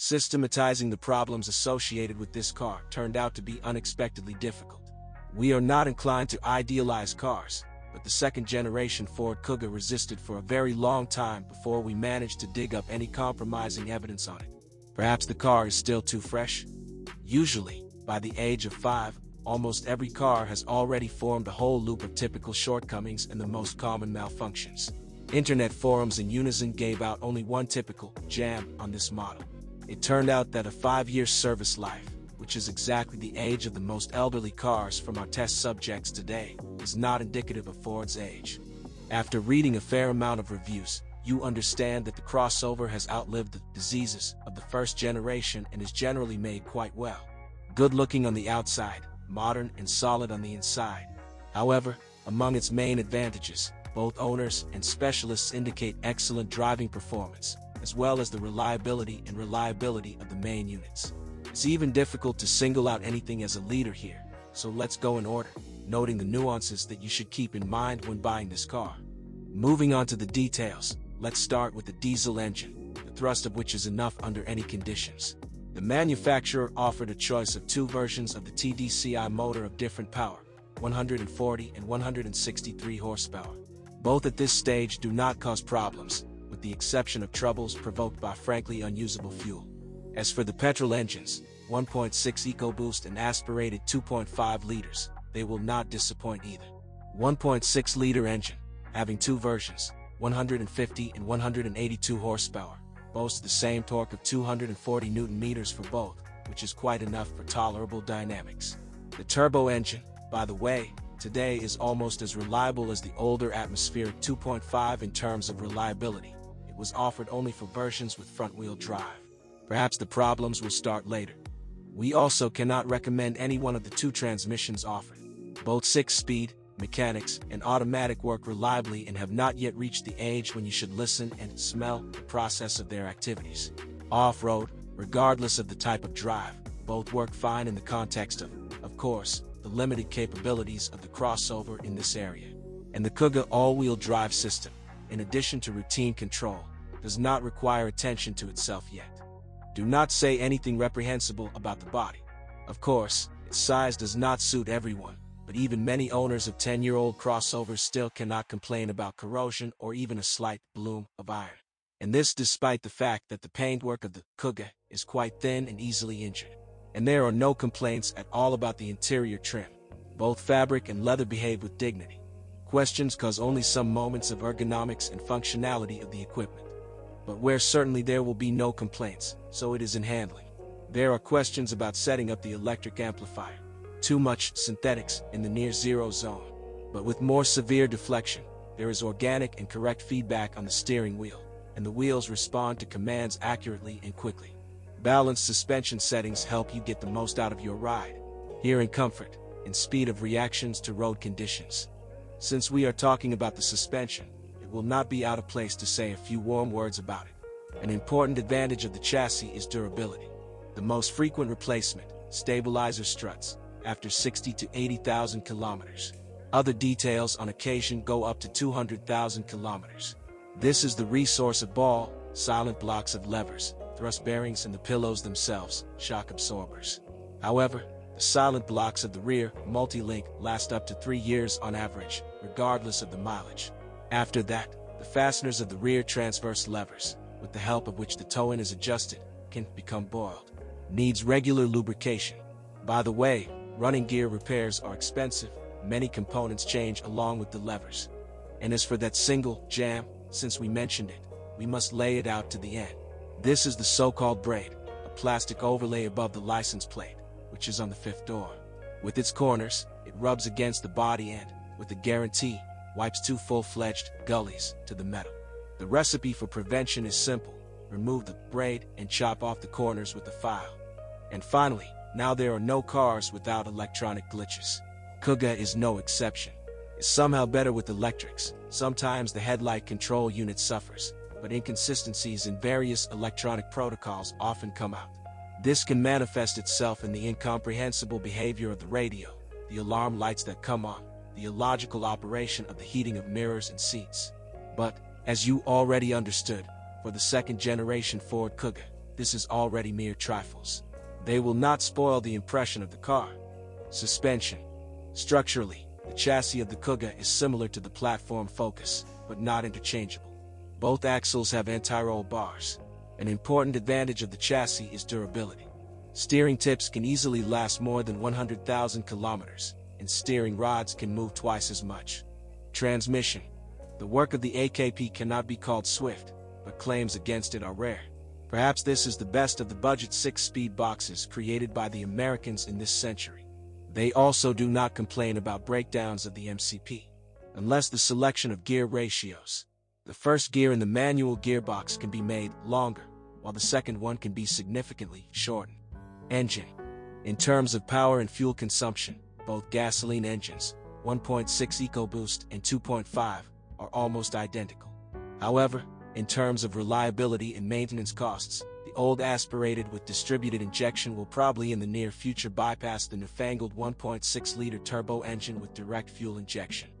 Systematizing the problems associated with this car turned out to be unexpectedly difficult. We are not inclined to idealize cars, but the second generation Ford Cougar resisted for a very long time before we managed to dig up any compromising evidence on it. Perhaps the car is still too fresh? Usually, by the age of five, almost every car has already formed a whole loop of typical shortcomings and the most common malfunctions. Internet forums in unison gave out only one typical jam on this model. It turned out that a five-year service life, which is exactly the age of the most elderly cars from our test subjects today, is not indicative of Ford's age. After reading a fair amount of reviews, you understand that the crossover has outlived the diseases of the first generation and is generally made quite well. Good looking on the outside, modern and solid on the inside. However, among its main advantages, both owners and specialists indicate excellent driving performance, as well as the reliability and reliability of the main units. It's even difficult to single out anything as a leader here, so let's go in order, noting the nuances that you should keep in mind when buying this car. Moving on to the details, let's start with the diesel engine, the thrust of which is enough under any conditions. The manufacturer offered a choice of two versions of the TDCI motor of different power, 140 and 163 horsepower. Both at this stage do not cause problems, with the exception of troubles provoked by frankly unusable fuel. As for the petrol engines, 1.6 EcoBoost and aspirated 2.5 liters, they will not disappoint either. 1.6 liter engine, having two versions, 150 and 182 horsepower, boasts the same torque of 240 newton meters for both, which is quite enough for tolerable dynamics. The turbo engine, by the way, today is almost as reliable as the older atmospheric 2.5 in terms of reliability, was offered only for versions with front-wheel drive. Perhaps the problems will start later. We also cannot recommend any one of the two transmissions offered. Both 6-speed, mechanics, and automatic work reliably and have not yet reached the age when you should listen and smell the process of their activities. Off-road, regardless of the type of drive, both work fine in the context of, of course, the limited capabilities of the crossover in this area. And the Kuga all-wheel drive system in addition to routine control, does not require attention to itself yet. Do not say anything reprehensible about the body. Of course, its size does not suit everyone, but even many owners of 10-year-old crossovers still cannot complain about corrosion or even a slight bloom of iron. And this despite the fact that the paintwork of the Kuga is quite thin and easily injured. And there are no complaints at all about the interior trim. Both fabric and leather behave with dignity questions cause only some moments of ergonomics and functionality of the equipment. But where certainly there will be no complaints, so it is in handling. There are questions about setting up the electric amplifier. Too much synthetics in the near zero zone. But with more severe deflection, there is organic and correct feedback on the steering wheel, and the wheels respond to commands accurately and quickly. Balanced suspension settings help you get the most out of your ride, here in comfort, and speed of reactions to road conditions. Since we are talking about the suspension, it will not be out of place to say a few warm words about it. An important advantage of the chassis is durability. The most frequent replacement, stabilizer struts, after 60 to 80,000 kilometers. Other details on occasion go up to 200,000 kilometers. This is the resource of ball, silent blocks of levers, thrust bearings and the pillows themselves, shock absorbers. However, Silent blocks of the rear, multi-link, last up to three years on average, regardless of the mileage. After that, the fasteners of the rear transverse levers, with the help of which the tow-in is adjusted, can become boiled. Needs regular lubrication. By the way, running gear repairs are expensive, many components change along with the levers. And as for that single jam, since we mentioned it, we must lay it out to the end. This is the so-called braid, a plastic overlay above the license plate which is on the fifth door. With its corners, it rubs against the body and, with a guarantee, wipes two full-fledged gullies to the metal. The recipe for prevention is simple. Remove the braid and chop off the corners with a file. And finally, now there are no cars without electronic glitches. Kuga is no exception. It's somehow better with electrics. Sometimes the headlight control unit suffers, but inconsistencies in various electronic protocols often come out. This can manifest itself in the incomprehensible behavior of the radio, the alarm lights that come on, the illogical operation of the heating of mirrors and seats. But, as you already understood, for the second generation Ford Kuga, this is already mere trifles. They will not spoil the impression of the car. Suspension. Structurally, the chassis of the Kuga is similar to the platform Focus, but not interchangeable. Both axles have anti-roll bars, an important advantage of the chassis is durability. Steering tips can easily last more than 100,000 kilometers, and steering rods can move twice as much. Transmission. The work of the AKP cannot be called swift, but claims against it are rare. Perhaps this is the best of the budget six-speed boxes created by the Americans in this century. They also do not complain about breakdowns of the MCP, unless the selection of gear ratios. The first gear in the manual gearbox can be made longer, while the second one can be significantly shortened. Engine. In terms of power and fuel consumption, both gasoline engines, 1.6 EcoBoost and 2.5, are almost identical. However, in terms of reliability and maintenance costs, the old aspirated with distributed injection will probably in the near future bypass the newfangled 1.6-liter turbo engine with direct fuel injection.